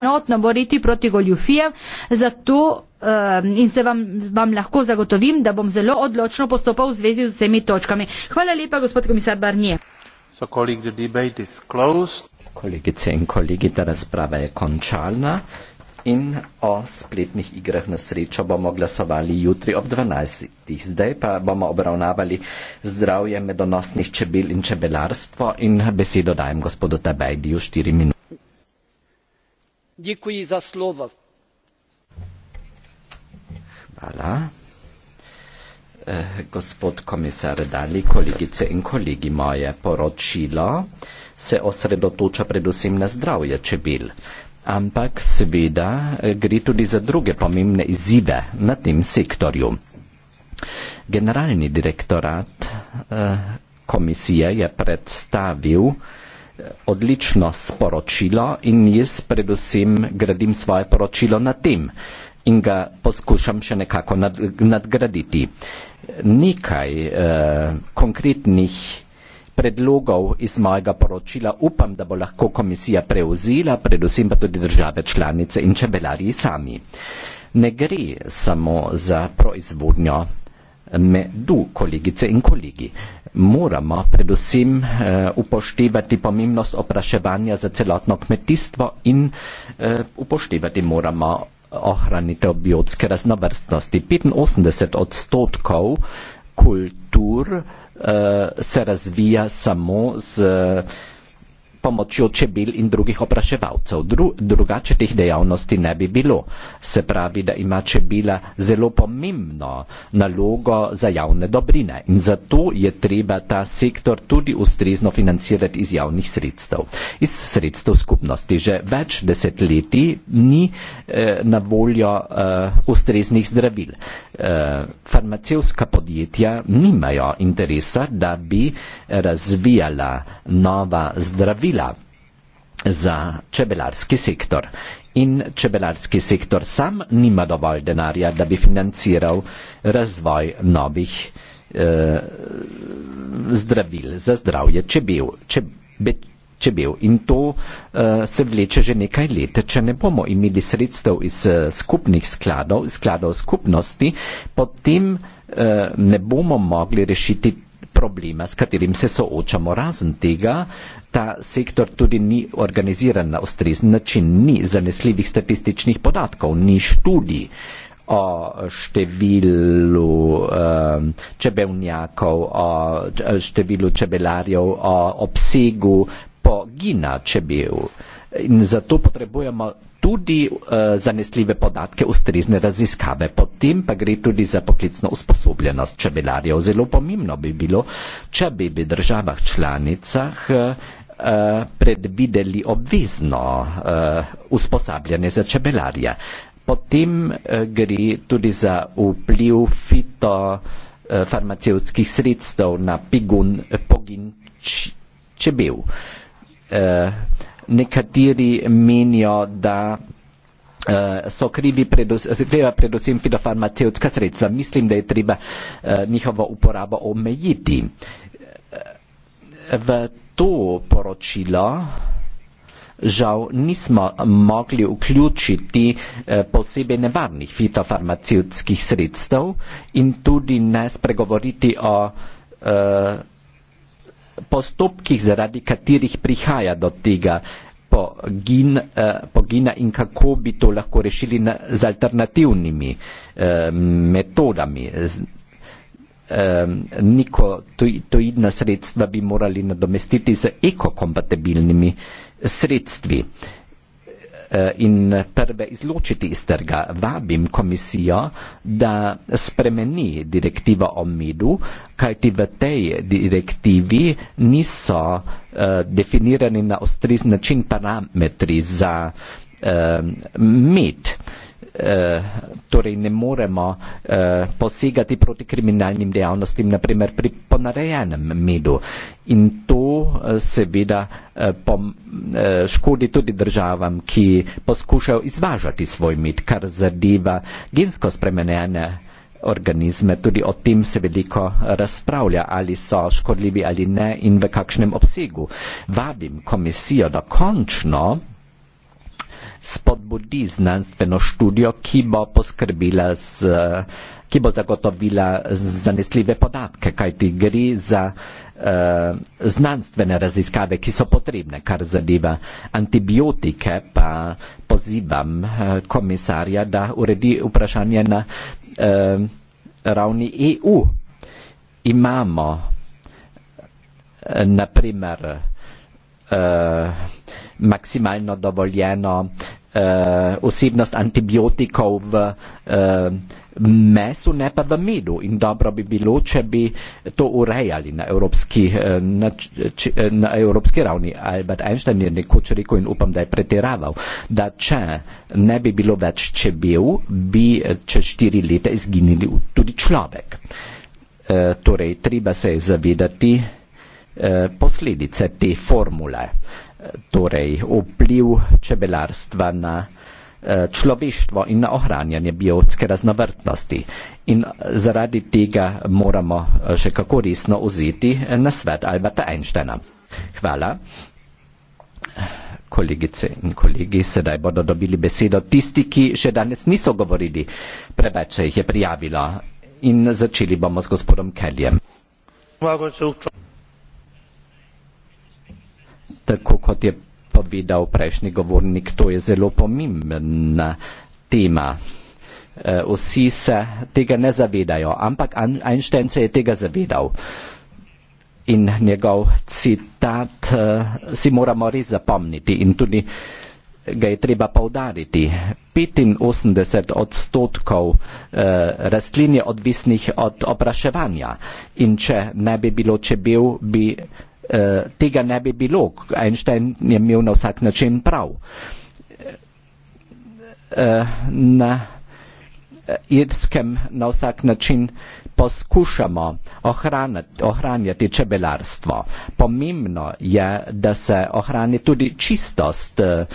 enotno boriti proti goljufijam, zato eh, in se vam, vam lahko zagotovim, da bom zelo odločno postopal v zvezi z vsemi točkami. Hvala lepa, gospod komisar Barnije. Kolegice in kolegi, ta razprava je končalna in o spletnih igrah na srečo bomo glasovali jutri ob 12. Zdaj pa bomo obravnavali zdravje medonosnih čebel in čebelarstvo in besedo dajem gospodu Tabajdiju 4 minute. Děkuji za slovo. Hvala. Eh, gospod komisar Dali, kolegice in kolegi, moje poročilo se osredotoča predvsem na zdravje čebel, ampak seveda eh, gre tudi za druge pomembne izzive na tem sektorju. Generalni direktorat eh, komisije je predstavil odlično sporočilo in jaz predvsem gradim svoje poročilo na tem in ga poskušam še nekako nad, nadgraditi. Nekaj eh, konkretnih predlogov iz mojega poročila upam, da bo lahko komisija prevzela, predvsem pa tudi države članice in čebelarji sami. Ne gre samo za proizvodnjo med du, kolegice in kolegi. Moramo predvsem uh, upoštevati pomembnost opraševanja za celotno kmetijstvo in uh, upoštevati moramo ohranitev biotske raznovrstnosti. 85 odstotkov kultur uh, se razvija samo z uh, pomočjo čebel in drugih opraševalcev. Dru, drugače teh dejavnosti ne bi bilo. Se pravi, da ima čebela zelo pomembno nalogo za javne dobrine in zato je treba ta sektor tudi ustrezno financirati iz javnih sredstev, iz sredstev skupnosti. Že več desetletij ni eh, na voljo eh, ustreznih zdravil. Eh, farmacevska podjetja nimajo interesa, da bi razvijala nova zdravila pravila za čebelarski sektor. In čebelarski sektor sam nima dovolj denarja, da bi financiral razvoj novih eh, zdravil za zdravje čebel. Če, be, če bil. In to uh, se vleče že nekaj let. Če ne bomo imeli sredstev iz uh, skupnih skladov, iz skladov skupnosti, potem uh, ne bomo mogli rešiti problema, s katerim se soočamo. Razen tega, ta sektor tudi ni organiziran na ustrezen način, ni zanesljivih statističnih podatkov, ni študij o številu uh, čebelnjakov, o številu čebelarjev, o obsegu pogina čebel. Uh, In zato potrebujemo tudi uh, zanesljive podatke, ustrezne raziskave. Potem pa gre tudi za poklicno usposobljenost čebelarjev. Zelo pomembno bi bilo, če bi v državah članicah uh, predvideli obvezno uh, usposabljanje za čebelarja. Potem uh, gre tudi za vpliv fitofarmacevskih uh, sredstev na pigun, pogin č, čebel. Uh, nekateri menijo, da eh, so krivi predvsem, predvsem fitofarmaceutska sredstva. Mislim, da je treba eh, njihovo uporabo omejiti. V to poročilo žal nismo mogli vključiti eh, posebej nevarnih fitofarmaceutskih sredstev in tudi ne spregovoriti o postopkih, zaradi katerih prihaja do tega pogin, eh, pogina in kako bi to lahko rešili na, z alternativnimi eh, metodami. Z, eh, niko tojidna sredstva bi morali nadomestiti z ekokompatibilnimi sredstvi. Eh, Eh, in prve izločiti iz trga. Vabim komisijo, da spremeni direktivo o medu, kajti v tej direktivi niso eh, definirani na ostriz način parametri za eh, med. Eh, torej ne moremo eh, posegati proti kriminalnim dejavnostim, naprimer pri ponarejenem medu. In to eh, seveda eh, pom, eh, škodi tudi državam, ki poskušajo izvažati svoj med, kar zadeva gensko spremenjene organizme. Tudi o tem se veliko razpravlja, ali so škodljivi ali ne in v kakšnem obsegu. Vabim komisijo, da končno spodbudi znanstveno študijo, ki bo poskrbila z ki bo zagotovila zanesljive podatke, kaj ti gre za eh, znanstvene raziskave, ki so potrebne, kar zadeva antibiotike, pa pozivam eh, komisarja, da uredi vprašanje na eh, ravni EU. Imamo, eh, naprimer, eh, maksimalno dovoljeno uh, vsebnost antibiotikov v uh, mesu, ne pa v medu. In dobro bi bilo, če bi to urejali na evropski, uh, na, či, na evropski ravni. Albert Einstein je nekoč rekel in upam, da je pretiraval, da če ne bi bilo več čebel, bi čez štiri leta izginili tudi človek. Uh, torej, treba se je zavedati uh, posledice te formule. Uh, torej vpliv čebelarstva na eh, človeštvo in na ohranjanje biotske raznovrtnosti. In zaradi tega moramo eh, še kako resno vzeti eh, na svet Alberta Einsteina. Hvala. Kolegice in kolegi, sedaj bodo dobili besedo tisti, ki še danes niso govorili. Preveč se jih je prijavilo. In začeli bomo s gospodom Kelljem. Hvala, gospod tako kot je povedal prejšnji govornik, to je zelo pomembna tema. E, vsi se tega ne zavedajo, ampak Einstein se je tega zavedal. In njegov citat e, si moramo res zapomniti in tudi ga je treba povdariti. 85 odstotkov eh, rastlin je odvisnih od opraševanja in če ne bi bilo čebel, bi uh, tega ne bi bilo, Einstein je imel na vsak način prav. Uh, na Irskem na vsak način poskušamo ohranjati, ohranjati čebelarstvo. Pomembno je, da se ohrani tudi čistost eh,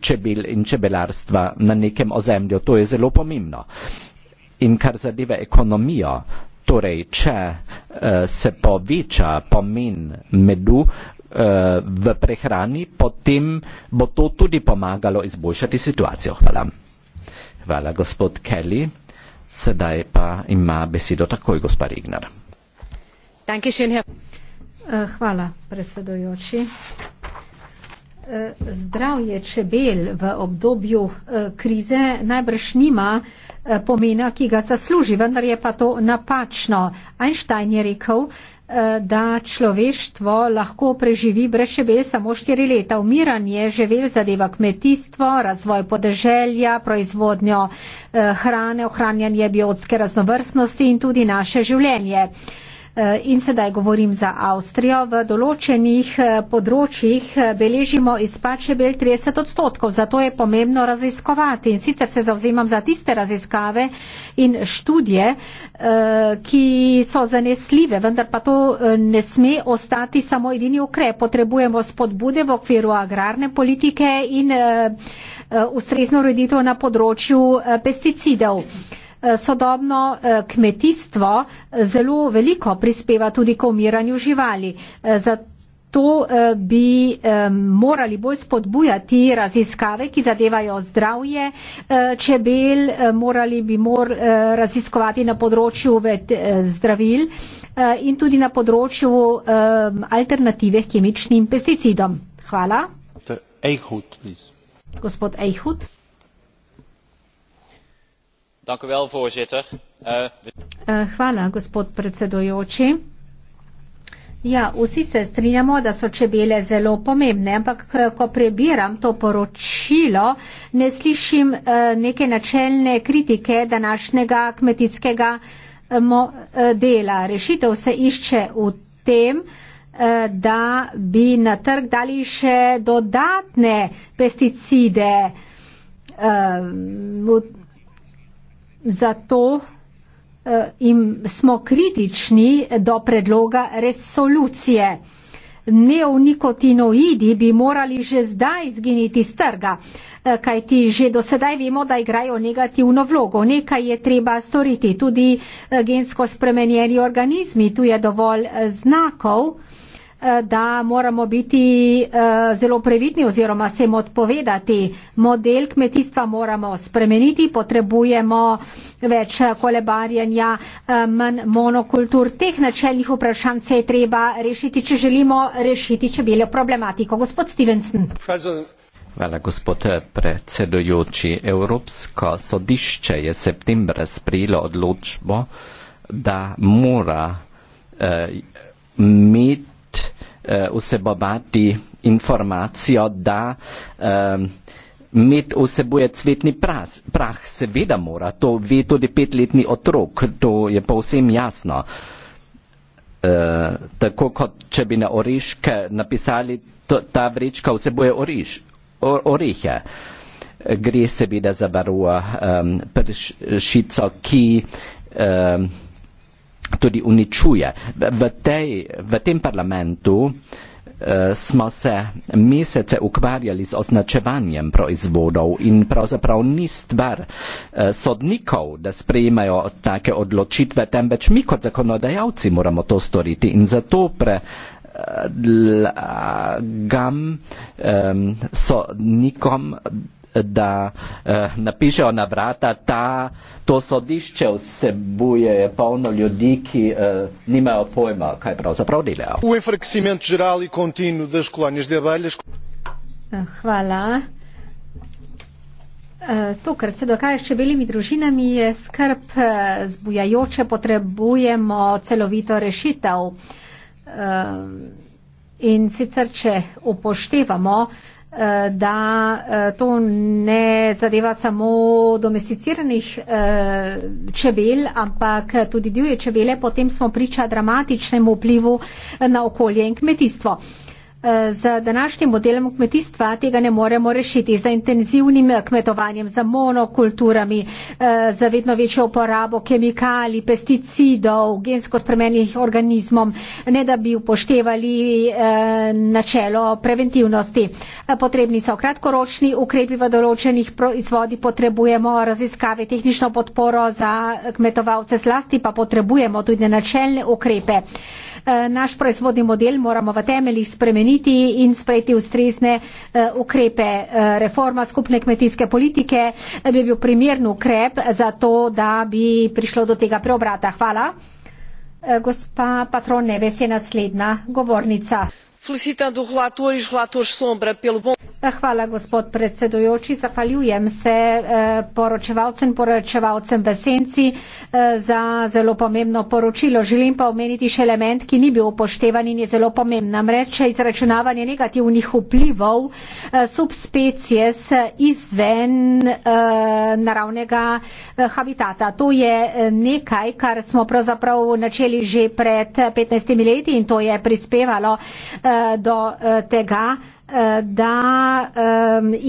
čebel in čebelarstva na nekem ozemlju. To je zelo pomembno. In kar zadeva ekonomijo, Torej, če uh, se poveča pomen medu uh, v prehrani, potem bo to tudi pomagalo izboljšati situacijo. Hvala. Hvala, gospod Kelly. Sedaj pa ima besedo takoj, gospod Rignar. Uh, hvala, predsedojoči. Uh, eh, zdravje čebel v obdobju uh, krize najbrž nima uh, Eh, pomena, ki ga zasluži, vendar je pa to napačno. Einstein je rekel, eh, da človeštvo lahko preživi brez čebel samo štiri leta. Umiranje živel zadeva kmetijstvo, razvoj podeželja, proizvodnjo eh, hrane, ohranjanje biotske raznovrstnosti in tudi naše življenje. Eh, in sedaj govorim za Avstrijo, v določenih eh, področjih eh, beležimo izpad čebel 30 odstotkov. Zato je pomembno raziskovati in sicer se zavzemam za tiste raziskave in študije, ki so zanesljive, vendar pa to ne sme ostati samo edini ukrep. Potrebujemo spodbude v okviru agrarne politike in ustrezno ureditev na področju pesticidov. Eh, sodobno eh, kmetijstvo eh, zelo veliko prispeva tudi k umiranju živali. Zato bi morali bolj spodbujati raziskave, ki zadevajo zdravje čebel, morali bi mor raziskovati na področju zdravil in tudi na področju alternative kemičnim pesticidom. Hvala. Gospod Ejhut. Eh, eh, hvala, gospod predsedujoči. Ja, vsi se strinjamo, da so čebele zelo pomembne, ampak eh, ko prebiram to poročilo, ne slišim neke načelne kritike današnjega kmetijskega dela. Rešitev se išče v tem, da bi na trg dali še dodatne pesticide zato uh, eh, im smo kritični do predloga resolucije. Neonikotinoidi bi morali že zdaj zginiti z trga, eh, kajti že do sedaj vemo, da igrajo negativno vlogo. Nekaj je treba storiti, tudi eh, gensko spremenjeni organizmi, tu je dovolj znakov. Eh, da moramo biti eh, zelo previdni oziroma se jim odpovedati. Model kmetijstva moramo spremeniti, potrebujemo več eh, kolebarjanja, manj monokultur. Teh načeljnih vprašanj se je treba rešiti, če želimo rešiti čebeljo problematiko. Gospod Stevenson. Hvala, gospod predsedujoči. Evropsko sodišče je septembra sprejelo odločbo, da mora eh, med eh, vsebovati informacijo, da eh, med vsebuje cvetni prah, prah, seveda mora, to ve tudi petletni otrok, to je pa vsem jasno. Eh, tako kot če bi na oreške napisali, to, ta vrečka vsebuje oriš, or, orehe. Gre seveda za baro um, eh, pršico, ki um, tudi uničuje. V, tej, v tem parlamentu uh, smo se mesece ukvarjali z označevanjem proizvodov in pravzaprav ni stvar uh, sodnikov, da sprejemajo take odločitve, temveč mi kot zakonodajalci moramo to storiti in zato pre uh, gam um, ehm, sodnikom. Uh, da eh, napišejo na vrata, da to sodišče vsebuje polno ljudi, ki eh, nimajo pojma, kaj pravzaprav delajo. E eh, hvala. Eh, to, kar se dogaja s čebeljimi družinami, je skrb eh, zbujajoče, potrebujemo celovito rešitev. Eh, in sicer, če upoštevamo, eh, Eh, da eh, to ne zadeva samo domesticiranih eh, čebel, ampak tudi divje čebele, potem smo priča dramatičnemu vplivu na okolje in kmetijstvo. Eh, z današnjim modelom kmetijstva tega ne moremo rešiti. Za intenzivnim eh, kmetovanjem, za monokulturami, eh, za vedno večjo uporabo kemikalij, pesticidov, gensko spremenjenih organizmom, ne da bi upoštevali načelo preventivnosti. Potrebni so kratkoročni ukrepi v določenih proizvodi, potrebujemo raziskave, tehnično podporo za kmetovalce, zlasti pa potrebujemo tudi načelne ukrepe. Eh, naš proizvodni model moramo v temeljih spremeniti in sprejeti ustrezne eh, ukrepe. Eh, reforma skupne kmetijske politike bi bil primern ukrep za to, da bi prišlo do tega preobrata. Hvala. Gospa Patron Neves je naslednja govornica. Eh, hvala, gospod predsedujoči. Zahvaljujem se eh, poročevalcem in poročevalcem v senci eh, za zelo pomembno poročilo. Želim pa omeniti še element, ki ni bil upoštevan in je zelo pomemben. Namreč izračunavanje negativnih vplivov subspecies izven naravnega habitata. To je nekaj, kar smo pravzaprav načeli že pred 15 leti in to je prispevalo do tega, Eh, da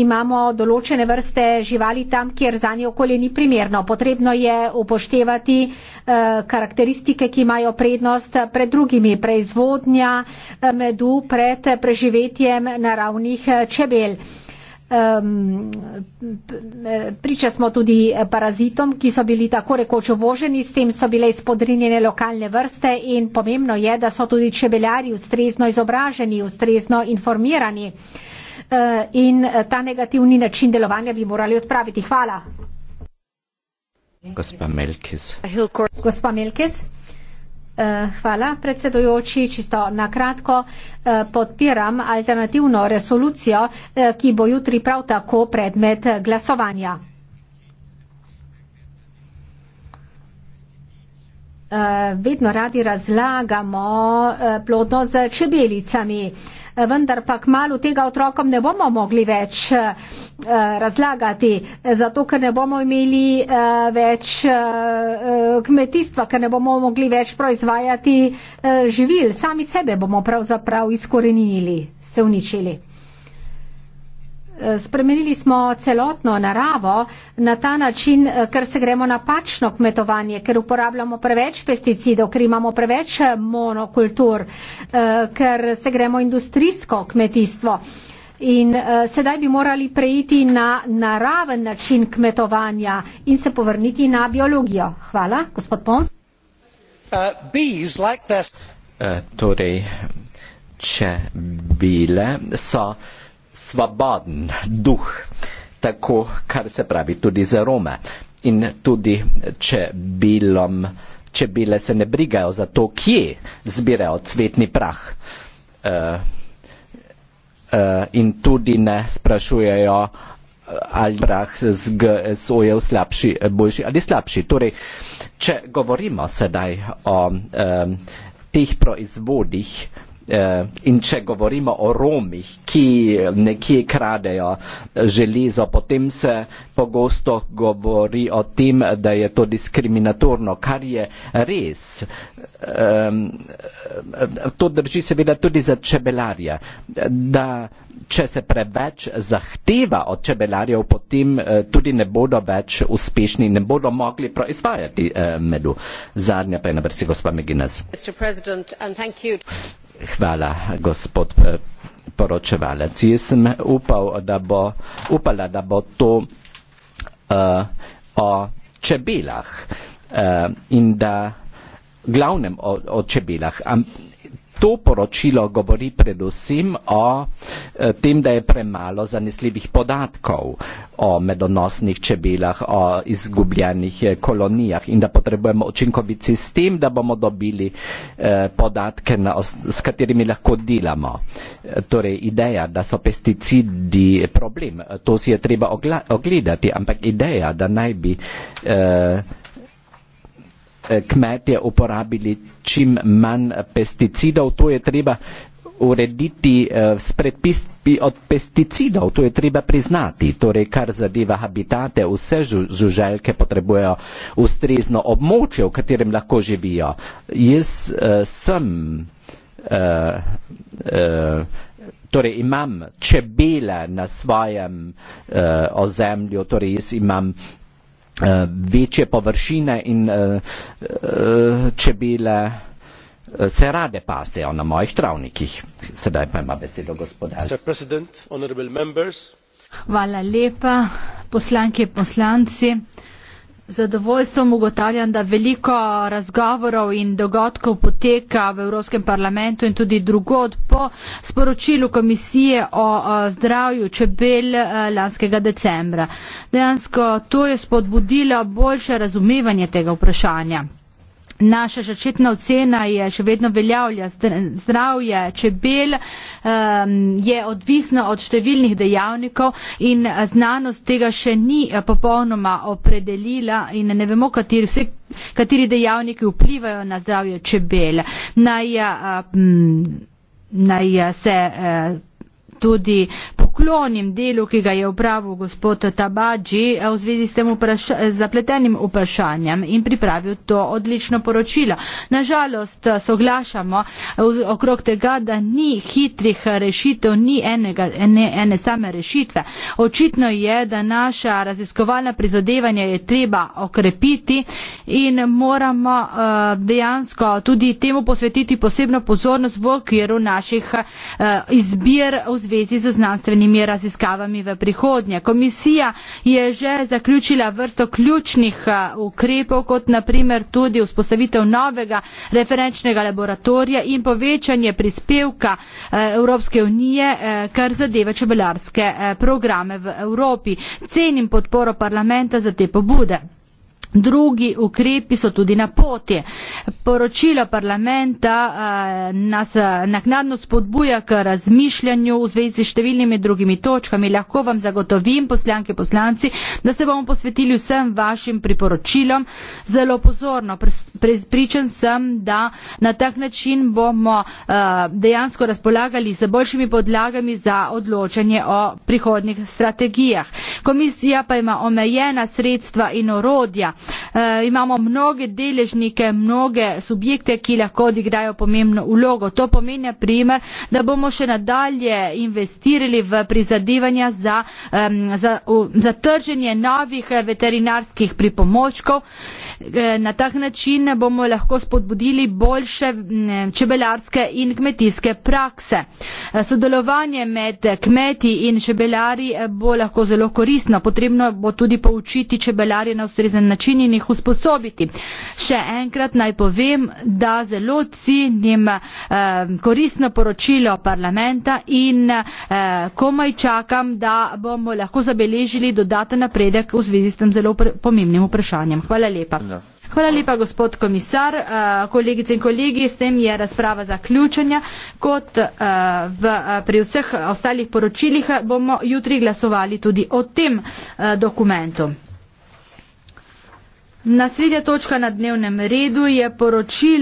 imamo določene vrste živali tam, kjer za njo okolje ni primerno. Potrebno je upoštevati eh, karakteristike, ki imajo prednost pred drugimi, preizvodnja eh, medu pred preživetjem naravnih čebel. Um, priča smo tudi e, parazitom, ki so bili tako rekoč uvoženi, s tem so bile izpodrinjene lokalne vrste in pomembno je, da so tudi čebeljari ustrezno izobraženi, ustrezno informirani uh, in ta negativni način delovanja bi morali odpraviti. Hvala. Gospa Melkis. Gospa Melkis. Eh, hvala, predsedujoči. Čisto na kratko eh, podpiram alternativno resolucijo, eh, ki bo jutri prav tako predmet glasovanja. Vedno radi razlagamo plodnost z čebelicami. Eh, vendar pa kmalo tega otrokom ne bomo mogli več eh, razlagati, eh, zato ker ne bomo imeli več kmetijstva, ker ne bomo mogli več proizvajati živil. Sami sebe bomo pravzaprav izkorenili, se uničili spremenili smo celotno naravo na ta način, eh, ker se gremo napačno kmetovanje, ker uporabljamo preveč pesticidov, ker imamo preveč monokultur, eh, ker se gremo industrijsko kmetijstvo. In uh, sedaj bi morali preiti na naraven način kmetovanja in se povrniti na biologijo. Hvala, gospod Pons. Uh, like uh, torej, če bile so svoboden duh, tako kar se pravi tudi za Rome. In tudi če bilom, če bile se ne brigajo za to, kje zbirajo cvetni prah. Uh, Uh, in tudi ne sprašujejo, ali prah z GSO je slabši, boljši ali slabši. Torej, če govorimo sedaj o um, teh proizvodih, Eh, in če govorimo o Romih, ki nekje kradejo eh, železo, potem se pogosto govori o tem, da je to diskriminatorno, kar je res. Ehm, eh, to drži seveda tudi za čebelarje, da če se preveč zahteva od čebelarjev, potem tudi ne bodo več uspešni, ne bodo mogli proizvajati medu. Zadnja pa je na vrsti gospa Meginas hvala, gospod eh, poročevalec. Jaz sem upal, da bo, upala, da bo to uh, o čebelah uh, in da glavnem o, o čebelah. Am, to poročilo govori predvsem o eh, tem, da je premalo zanesljivih podatkov o medonosnih čebelah, o izgubljenih eh, kolonijah in da potrebujemo učinkovit sistem, da bomo dobili eh, podatke, na, s katerimi lahko delamo. Torej, ideja, da so pesticidi problem, to si je treba ogledati, ampak ideja, da naj bi eh, Eh, kmetje uporabili čim manj pesticidov, to je treba urediti eh, s predpisi od pesticidov, to je treba priznati. Torej, kar zadeva habitate, vse žuželke potrebujejo ustrezno območje, v katerem lahko živijo. Jaz uh, sem, uh, uh, torej imam čebele na svojem uh, ozemlju, torej jaz imam uh, Eh, večje površine in eh, eh, čebele se rade pasejo na mojih travnikih. Sedaj pa ima besedo gospodar. Hvala lepa, poslanke in poslanci zadovoljstvom ugotavljam, da veliko razgovorov in dogodkov poteka v Evropskem parlamentu in tudi drugod po sporočilu komisije o zdravju čebel eh, lanskega decembra. Dejansko to je spodbudilo boljše razumevanje tega vprašanja. Naša začetna ocena je še vedno veljavlja. Zdravje čebel um, je odvisno od številnih dejavnikov in eh, znanost tega še ni eh, popolnoma opredelila in ne vemo, kateri, vse, kateri dejavniki vplivajo na zdravje čebel. Naj, uh, m, naj se uh, tudi poklonim delu, ki ga je upravil gospod Tabaji eh, v zvezi s tem vpraša, zapletenim vprašanjem in pripravil to odlično poročilo. Nažalost, eh, soglašamo eh, okrog tega, da ni hitrih rešitev, ni enega, ene, ene same rešitve. Očitno je, da naša raziskovalna prizadevanja je treba okrepiti in moramo uh, dejansko tudi temu posvetiti posebno pozornost v okviru naših uh, izbir v zvezi z znanstvenim omenjenimi raziskavami v prihodnje. Komisija je že zaključila vrsto ključnih ukrepov, kot naprimer tudi vzpostavitev novega referenčnega laboratorija in povečanje prispevka Evropske unije, kar zadeva čebelarske programe v Evropi. Cenim podporo parlamenta za te pobude. Drugi ukrepi so tudi na poti. Poročilo parlamenta eh, nas eh, naknadno spodbuja k razmišljanju v zvezi s številnimi drugimi točkami. Lahko vam zagotovim, poslanke poslanci, da se bomo posvetili vsem vašim priporočilom zelo pozorno. Prepričan sem, da na tak način bomo eh, dejansko razpolagali z boljšimi podlagami za odločanje o prihodnih strategijah. Komisija pa ima omejena sredstva in orodja. Uh, imamo mnoge deležnike, mnoge subjekte, ki lahko odigrajo pomembno ulogo. To pomeni, na primer, da bomo še nadalje investirali v prizadevanja za, um, za, um, za trženje novih eh, veterinarskih pripomočkov. E, na tak način bomo lahko spodbudili boljše m, čebelarske in kmetijske prakse. E, sodelovanje med kmeti in čebelari bo lahko zelo koristno. Potrebno bo tudi poučiti čebelarje na ustrezen način učinjeni jih usposobiti. Še enkrat naj povem, da zelo cenim eh, koristno poročilo parlamenta in eh, komaj čakam, da bomo lahko zabeležili dodaten napredek v zvezi s tem zelo pomembnim vprašanjem. Hvala lepa. Ja. Hvala lepa, gospod komisar. Uh, kolegice in kolegi, s tem je razprava zaključena. Kot uh, v, eh, pri vseh ostalih poročilih bomo jutri glasovali tudi o tem uh, dokumentu. Naslednja točka na dnevnem redu je poročilo.